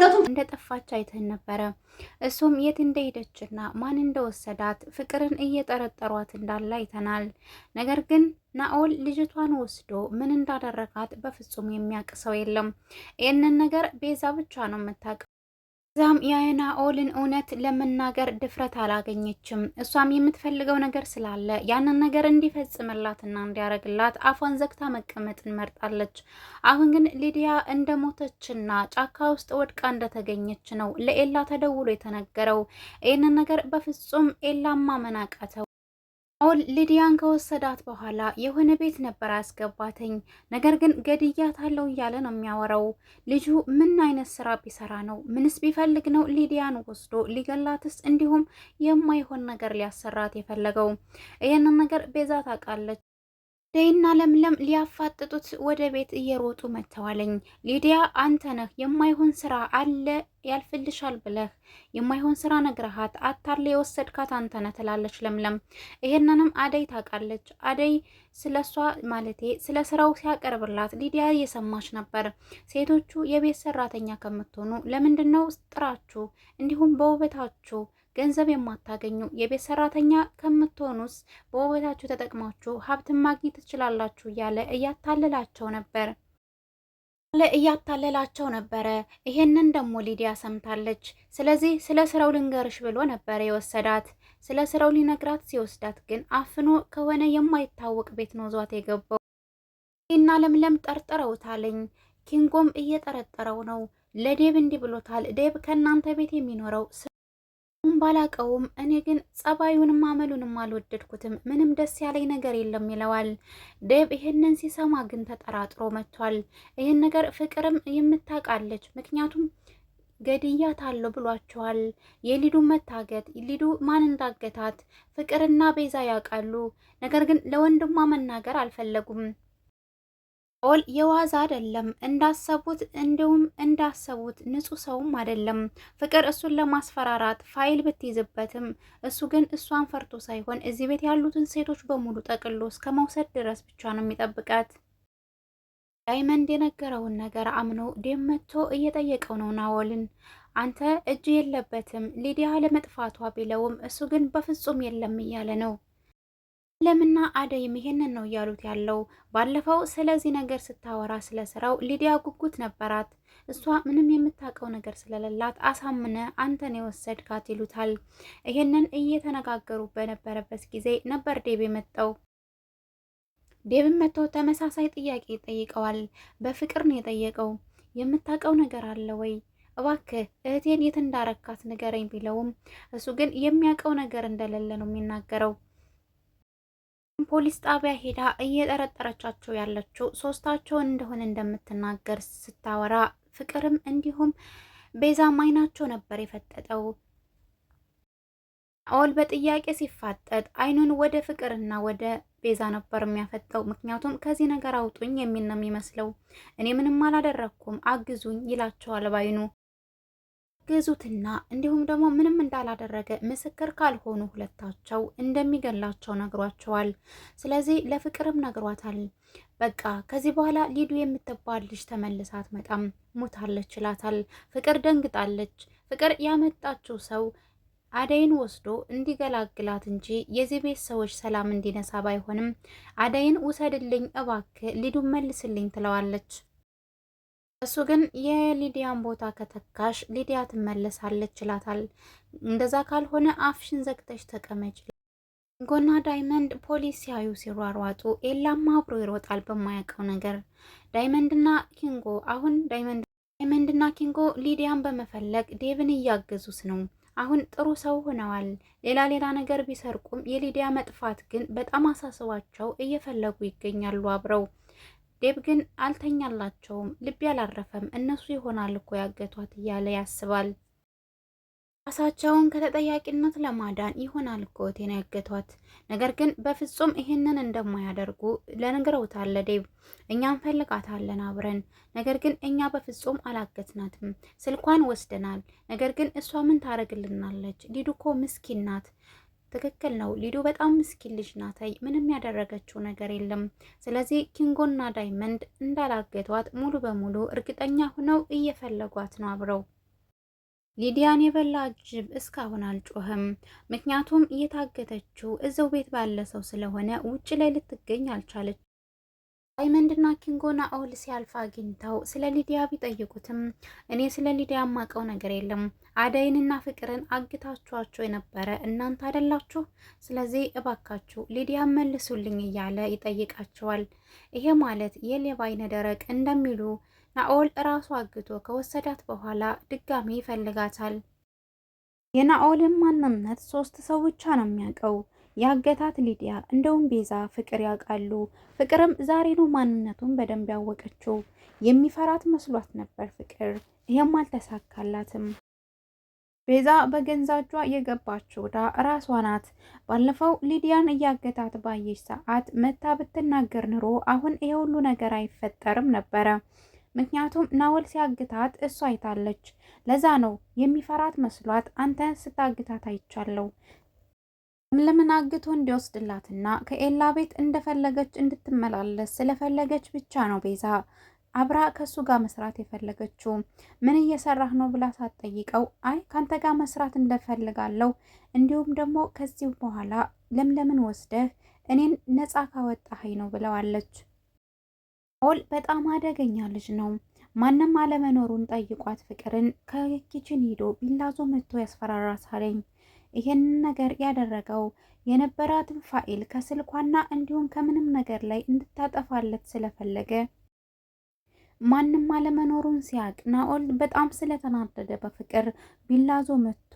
እውነቱም እንደጠፋች አይተን ነበረ። እሱም የት እንደሄደችና ማን እንደወሰዳት ፍቅርን እየጠረጠሯት እንዳለ አይተናል። ነገር ግን ናኦል ልጅቷን ወስዶ ምን እንዳደረጋት በፍጹም የሚያውቅ ሰው የለም። ይህንን ነገር ቤዛ ብቻ ነው የምታውቀው። የአይና የናኦልን እውነት ለመናገር ድፍረት አላገኘችም። እሷም የምትፈልገው ነገር ስላለ ያንን ነገር እንዲፈጽምላትና እንዲያደረግላት አፏን ዘግታ መቀመጥን መርጣለች። አሁን ግን ሊዲያ እንደሞተችና ጫካ ውስጥ ወድቃ እንደተገኘች ነው ለኤላ ተደውሎ የተነገረው። ይህንን ነገር በፍጹም ኤላ ማመን አቃተው። አሁን ሊዲያን ከወሰዳት በኋላ የሆነ ቤት ነበር ያስገባትኝ፣ ነገር ግን ገድያታለሁ እያለ ነው የሚያወራው። ልጁ ምን አይነት ስራ ቢሰራ ነው? ምንስ ቢፈልግ ነው ሊዲያን ወስዶ ሊገላትስ እንዲሁም የማይሆን ነገር ሊያሰራት የፈለገው? ይህንን ነገር ቤዛ ታውቃለች። ደይና ለምለም ሊያፋጥጡት ወደ ቤት እየሮጡ መጥተዋለኝ። ሊዲያ አንተ ነህ የማይሆን ስራ አለ ያልፍልሻል ብለህ የማይሆን ስራ ነግረሃት አታለ የወሰድካት አንተ ነህ ትላለች ለምለም። ይሄንንም አደይ ታውቃለች። አደይ ስለ እሷ ማለቴ ስለ ስራው ሲያቀርብላት ሊዲያ እየሰማች ነበር። ሴቶቹ የቤት ሰራተኛ ከምትሆኑ ለምንድን ነው ጥራችሁ እንዲሁም በውበታችሁ ገንዘብ የማታገኙ የቤት ሰራተኛ ከምትሆኑስ በውበታችሁ ተጠቅማችሁ ሀብትን ማግኘት ትችላላችሁ እያለ እያታለላቸው ነበር እያታለላቸው ነበረ። ይሄንን ደግሞ ሊዲያ ሰምታለች። ስለዚህ ስለ ስራው ልንገርሽ ብሎ ነበረ የወሰዳት። ስለ ስራው ሊነግራት ሲወስዳት ግን አፍኖ ከሆነ የማይታወቅ ቤት ነው ዟት የገባው እና ለምለም ጠርጥረውታለኝ። ኪንጎም እየጠረጠረው ነው። ለዴብ እንዲህ ብሎታል። ዴብ ከእናንተ ቤት የሚኖረው ታሪኩን ባላቀውም እኔ ግን ጸባዩንም አመሉንም አልወደድኩትም፣ ምንም ደስ ያለኝ ነገር የለም ይለዋል። ዴብ ይህንን ሲሰማ ግን ተጠራጥሮ መጥቷል። ይህን ነገር ፍቅርም የምታውቃለች፣ ምክንያቱም አለው ብሏቸዋል። የሊዱ መታገት ሊዱ ማን እንዳገታት ፍቅርና ቤዛ ያውቃሉ። ነገር ግን ለወንድሟ መናገር አልፈለጉም። ኦል የዋዛ አይደለም እንዳሰቡት እንዲሁም እንዳሰቡት ንጹህ ሰውም አይደለም። ፍቅር እሱን ለማስፈራራት ፋይል ብትይዝበትም እሱ ግን እሷን ፈርቶ ሳይሆን እዚህ ቤት ያሉትን ሴቶች በሙሉ ጠቅሎ እስከ መውሰድ ድረስ ብቻ ነው የሚጠብቃት። ዳይመንድ የነገረውን ነገር አምኖ ደመቶ እየጠየቀው ነው ናወልን። አንተ እጅ የለበትም ሊዲያ ለመጥፋቷ ቢለውም እሱ ግን በፍጹም የለም እያለ ነው ለምና አደይም ይሄንን ነው እያሉት ያለው። ባለፈው ስለዚህ ነገር ስታወራ ስለስራው ሊዲያ ጉጉት ነበራት። እሷ ምንም የምታውቀው ነገር ስለሌላት አሳምነ አንተን የወሰድካት ይሉታል። ይሄንን እየተነጋገሩ በነበረበት ጊዜ ነበር ዴብ የመጣው። ዴብም መጥቶ ተመሳሳይ ጥያቄ ይጠይቀዋል። በፍቅር ነው የጠየቀው። የምታውቀው ነገር አለ ወይ እባክህ እህቴን የት እንዳረካት ንገረኝ ቢለውም እሱ ግን የሚያውቀው ነገር እንደሌለ ነው የሚናገረው። ፖሊስ ጣቢያ ሄዳ እየጠረጠረቻቸው ያለችው ሶስታቸውን እንደሆነ እንደምትናገር ስታወራ ፍቅርም እንዲሁም ቤዛም አይናቸው ነበር የፈጠጠው። አወል በጥያቄ ሲፋጠጥ አይኑን ወደ ፍቅርና ወደ ቤዛ ነበር የሚያፈጠው። ምክንያቱም ከዚህ ነገር አውጡኝ የሚል ነው የሚመስለው። እኔ ምንም አላደረግኩም አግዙኝ ይላቸዋል ባይኑ። ግዙትና እንዲሁም ደግሞ ምንም እንዳላደረገ ምስክር ካልሆኑ ሁለታቸው እንደሚገላቸው ነግሯቸዋል። ስለዚህ ለፍቅርም ነግሯታል። በቃ ከዚህ በኋላ ሊዱ የምትባል ልጅ ተመልሳ አትመጣም፣ ሙታለች ይላታል። ፍቅር ደንግጣለች። ፍቅር ያመጣችው ሰው አደይን ወስዶ እንዲገላግላት እንጂ የዚህ ቤት ሰዎች ሰላም እንዲነሳ ባይሆንም አደይን ውሰድልኝ እባክ ሊዱ መልስልኝ ትለዋለች። እሱ ግን የሊዲያን ቦታ ከተካሽ ሊዲያ ትመለሳለች ይላታል። እንደዛ ካልሆነ አፍሽን ዘግተሽ ተቀመጭ። ጎና ዳይመንድ ፖሊስ ሲያዩ ሲሯሯጡ ኤላማ አብሮ ይሮጣል በማያውቀው ነገር። ዳይመንድና ኪንጎ አሁን ዳይመንድና ኪንጎ ሊዲያን በመፈለግ ዴቭን እያገዙት ነው። አሁን ጥሩ ሰው ሆነዋል። ሌላ ሌላ ነገር ቢሰርቁም የሊዲያ መጥፋት ግን በጣም አሳስባቸው እየፈለጉ ይገኛሉ አብረው ዴብ ግን አልተኛላቸውም፣ ልቤ አላረፈም፣ እነሱ ይሆናል እኮ ያገቷት እያለ ያስባል። ራሳቸውን ከተጠያቂነት ለማዳን ይሆናል እኮ ቴና ያገቷት። ነገር ግን በፍጹም ይህንን እንደማያደርጉ ለነግረውታል ዴብ። እኛ እንፈልጋታለን አብረን፣ ነገር ግን እኛ በፍጹም አላገትናትም፣ ስልኳን ወስደናል። ነገር ግን እሷ ምን ታደርግልናለች? ሊዱ እኮ ምስኪን ናት። ትክክል ነው። ሊዱ በጣም ምስኪን ልጅ ናታይ ምንም ያደረገችው ነገር የለም። ስለዚህ ኪንጎና ዳይመንድ እንዳላገቷት ሙሉ በሙሉ እርግጠኛ ሆነው እየፈለጓት ነው አብረው። ሊዲያን የበላ ጅብ እስካሁን አልጮህም። ምክንያቱም እየታገተችው እዘው ቤት ባለ ሰው ስለሆነ ውጭ ላይ ልትገኝ አልቻለች። ዳይመንድና ኪንጎና ናኦል ሲያልፍ አግኝተው ስለ ሊዲያ ቢጠይቁትም እኔ ስለ ሊዲያ የማውቀው ነገር የለም፣ አደይንና ፍቅርን አግታችኋቸው የነበረ እናንተ አይደላችሁ፣ ስለዚህ እባካችሁ ሊዲያ መልሱልኝ እያለ ይጠይቃቸዋል። ይሄ ማለት የሌባ አይነ ደረቅ እንደሚሉ ናኦል እራሱ አግቶ ከወሰዳት በኋላ ድጋሚ ይፈልጋታል። የናኦልን ማንነት ሶስት ሰው ብቻ ነው የሚያውቀው። ያገታት ሊዲያ። እንደውም ቤዛ ፍቅር ያውቃሉ። ፍቅርም ዛሬ ነው ማንነቱን በደንብ ያወቀችው። የሚፈራት መስሏት ነበር ፍቅር። ይሄም አልተሳካላትም። ቤዛ በገዛ እጇ የገባችው ዕዳ ራሷ ናት። ባለፈው ሊዲያን እያገታት ባየች ሰዓት መታ ብትናገር ኑሮ አሁን ይሄ ሁሉ ነገር አይፈጠርም ነበረ። ምክንያቱም ናወል ሲያግታት እሷ አይታለች። ለዛ ነው የሚፈራት መስሏት አንተ ስታግታት አይቻለው ለምለምን አግቶ እንዲወስድላትና ከኤላ ቤት እንደፈለገች እንድትመላለስ ስለፈለገች ብቻ ነው ቤዛ አብራ ከእሱ ጋር መስራት የፈለገችው። ምን እየሰራህ ነው ብላ ሳትጠይቀው አይ ካንተ ጋር መስራት እንደፈልጋለሁ እንዲሁም ደግሞ ከዚህ በኋላ ለምለምን ወስደህ እኔን ነፃ ካወጣኸኝ ነው ብለዋለች። ኦል በጣም አደገኛ ልጅ ነው። ማንም አለመኖሩን ጠይቋት ፍቅርን ከኪችን ሂዶ ቢላዞ መጥቶ ያስፈራራሳለኝ ይህን ነገር ያደረገው የነበራትን ፋይል ከስልኳና እንዲሁም ከምንም ነገር ላይ እንድታጠፋለት ስለፈለገ ማንም አለመኖሩን ሲያቅ ናኦል በጣም ስለተናደደ በፍቅር ቢላዞ መጥቶ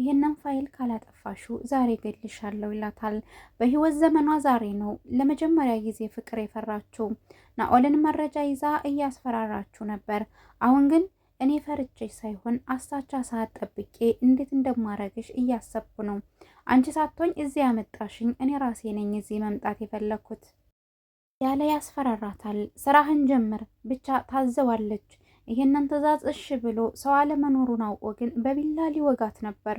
ይህንን ፋይል ካላጠፋሹ ዛሬ ገልሻለሁ ይላታል። በህይወት ዘመኗ ዛሬ ነው ለመጀመሪያ ጊዜ ፍቅር የፈራችው። ናኦልን መረጃ ይዛ እያስፈራራችሁ ነበር። አሁን ግን እኔ ፈርቼሽ ሳይሆን አሳቻ ሰዓት ጠብቄ እንዴት እንደማረግሽ እያሰብኩ ነው። አንቺ ሳቶኝ እዚህ ያመጣሽኝ እኔ ራሴ ነኝ እዚህ መምጣት የፈለግኩት ያለ ያስፈራራታል። ስራህን ጀምር ብቻ ታዘዋለች። ይህንን ትዕዛዝ እሽ ብሎ ሰው አለመኖሩን አውቆ ግን በቢላ ሊወጋት ነበር።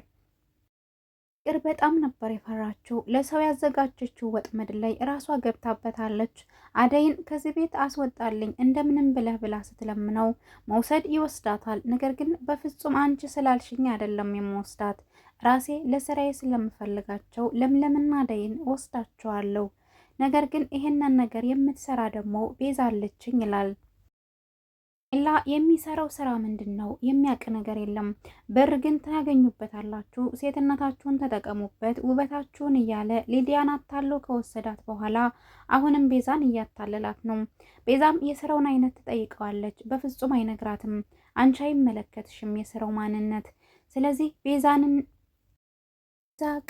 ቅር በጣም ነበር የፈራችው። ለሰው ያዘጋጀችው ወጥመድ ላይ ራሷ ገብታበታለች። አደይን ከዚህ ቤት አስወጣልኝ እንደምንም ብለህ ብላ ስትለምነው መውሰድ ይወስዳታል። ነገር ግን በፍጹም አንቺ ስላልሽኝ አይደለም የምወስዳት ራሴ ለስራዬ ስለምፈልጋቸው ለምለምና አደይን ወስዳቸዋለሁ። ነገር ግን ይህንን ነገር የምትሰራ ደግሞ ቤዛለችኝ ይላል። ኤላ የሚሰራው ስራ ምንድን ነው? የሚያውቅ ነገር የለም። ብር ግን ታገኙበታላችሁ፣ ሴትነታችሁን ተጠቀሙበት፣ ውበታችሁን እያለ ሊዲያን አታሎ ከወሰዳት በኋላ አሁንም ቤዛን እያታለላት ነው። ቤዛም የስራውን አይነት ትጠይቀዋለች። በፍጹም አይነግራትም። አንቺ አይመለከትሽም የስራው ማንነት። ስለዚህ ቤዛንን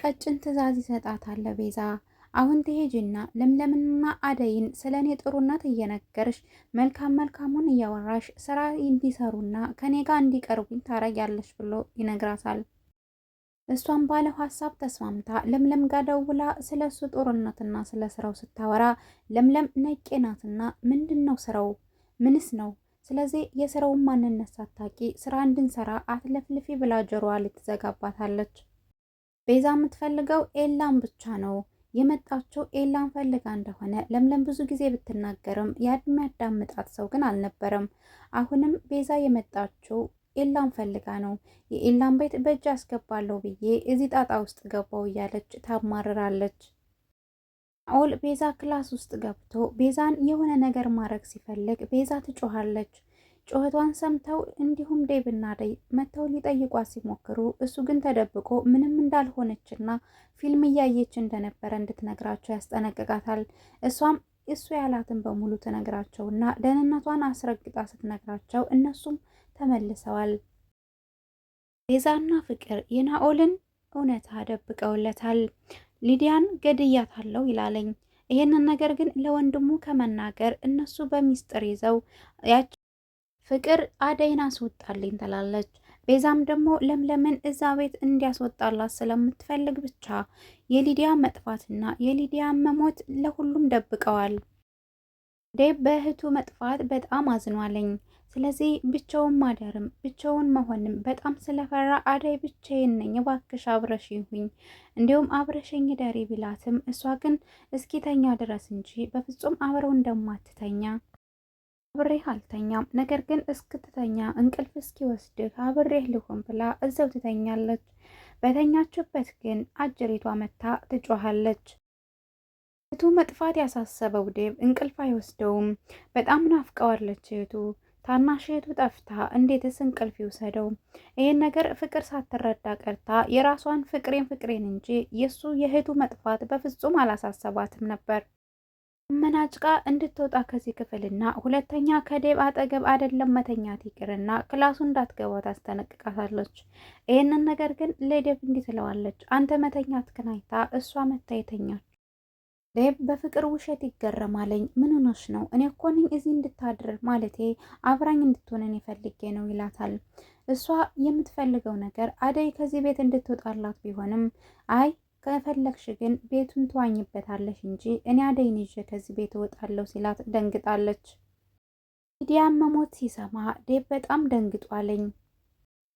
ቀጭን ትዕዛዝ ይሰጣታል። ቤዛ አሁን ትሄጂና ለምለምና አደይን ስለ እኔ ጥሩነት እየነገርሽ መልካም መልካሙን እያወራሽ ስራ እንዲሰሩና ከኔ ጋር እንዲቀርቡኝ ታረጊያለሽ ብሎ ይነግራታል። እሷን ባለ ሀሳብ ተስማምታ ለምለም ጋር ደውላ ስለ እሱ ጦርነትና ስለ ስራው ስታወራ ለምለም ነቄናትና ምንድን ነው ስራው? ምንስ ነው? ስለዚህ የስራውን ማንነት ሳታቂ ስራ እንድንሰራ አትለፍልፊ ብላ ጆሮዋ ልትዘጋባታለች። ቤዛ የምትፈልገው ኤላም ብቻ ነው የመጣችው ኤላን ፈልጋ እንደሆነ ለምለም ብዙ ጊዜ ብትናገርም የሚያዳምጣት ሰው ግን አልነበረም። አሁንም ቤዛ የመጣችው ኤላን ፈልጋ ነው። የኤላን ቤት በእጅ አስገባለሁ ብዬ እዚህ ጣጣ ውስጥ ገባው እያለች ታማርራለች። ናኦል ቤዛ ክላስ ውስጥ ገብቶ ቤዛን የሆነ ነገር ማድረግ ሲፈልግ ቤዛ ትጮሃለች። ጩኸቷን ሰምተው እንዲሁም ዴብና አደይ መጥተው ሊጠይቋት ሲሞክሩ እሱ ግን ተደብቆ ምንም እንዳልሆነችና ፊልም እያየች እንደነበረ እንድትነግራቸው ያስጠነቅቃታል። እሷም እሱ ያላትን በሙሉ ትነግራቸውና ደህንነቷን አስረግጣ ስትነግራቸው እነሱም ተመልሰዋል። ቤዛና ፍቅር የናኦልን እውነታ ደብቀውለታል። ሊዲያን ገድያታለሁ ይላለኝ። ይህንን ነገር ግን ለወንድሙ ከመናገር እነሱ በሚስጥር ይዘው ያች ፍቅር አደይን አስወጣልኝ ትላለች። ቤዛም ደግሞ ለምለምን እዛ ቤት እንዲያስወጣላት ስለምትፈልግ ብቻ የሊዲያ መጥፋትና የሊዲያ መሞት ለሁሉም ደብቀዋል። ዴብ በእህቱ መጥፋት በጣም አዝኗለኝ። ስለዚህ ብቻውን ማደርም ብቻውን መሆንም በጣም ስለፈራ አደይ ብቻዬን ነኝ፣ እባክሽ አብረሽ ይሁኝ እንዲሁም አብረሽኝ ደሪ ቢላትም እሷ ግን እስኪተኛ ድረስ እንጂ በፍጹም አብረው እንደማትተኛ አብሬህ አልተኛም፣ ነገር ግን እስክትተኛ እንቅልፍ እስኪወስድህ አብሬህ ልሆን ብላ እዘው ትተኛለች። በተኛችበት ግን አጀሪቷ መታ ትጮሃለች። እህቱ መጥፋት ያሳሰበው ዴብ እንቅልፍ አይወስደውም። በጣም ናፍቀዋለች እህቱ። ታናሽ እህቱ ጠፍታ እንዴትስ እንቅልፍ ይውሰደው? ይህን ነገር ፍቅር ሳትረዳ ቀርታ የራሷን ፍቅሬን ፍቅሬን እንጂ የእሱ የእህቱ መጥፋት በፍጹም አላሳሰባትም ነበር። መናጭቃ እንድትወጣ ከዚህ ክፍልና ሁለተኛ ከዴብ አጠገብ አይደለም መተኛት ይቅርና ክላሱ እንዳትገባ ታስጠነቅቃታለች። ይህንን ነገር ግን ለዴብ እንዲህ ትለዋለች፣ አንተ መተኛት ክናይታ እሷ መታ ዴብ በፍቅር ውሸት ይገረማለኝ። ምን ሆነሽ ነው? እኔ እኮ ነኝ እዚህ እንድታድር ማለቴ አብራኝ እንድትሆነን የፈልጌ ነው ይላታል። እሷ የምትፈልገው ነገር አደይ ከዚህ ቤት እንድትወጣላት ቢሆንም አይ ከፈለግሽ ግን ቤቱን ትዋኝበታለሽ እንጂ እኔ አደይን ይዤ ከዚህ ቤት እወጣለሁ ሲላት ደንግጣለች። ሊዲያ መሞት ሲሰማ ዴብ በጣም ደንግጧለኝ።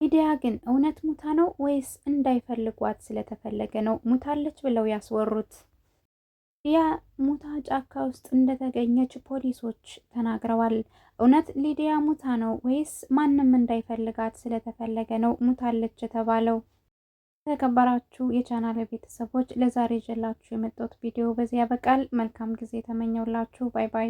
ሊዲያ ግን እውነት ሙታ ነው ወይስ እንዳይፈልጓት ስለተፈለገ ነው ሙታለች ብለው ያስወሩት? ሊዲያ ሙታ ጫካ ውስጥ እንደተገኘች ፖሊሶች ተናግረዋል። እውነት ሊዲያ ሙታ ነው ወይስ ማንም እንዳይፈልጋት ስለተፈለገ ነው ሙታለች የተባለው? ተከበራችሁ የቻናል ቤተሰቦች ለዛሬ ይዤላችሁ የመጣሁት ቪዲዮ በዚህ ያበቃል። መልካም ጊዜ ተመኘውላችሁ። ባይ ባይ።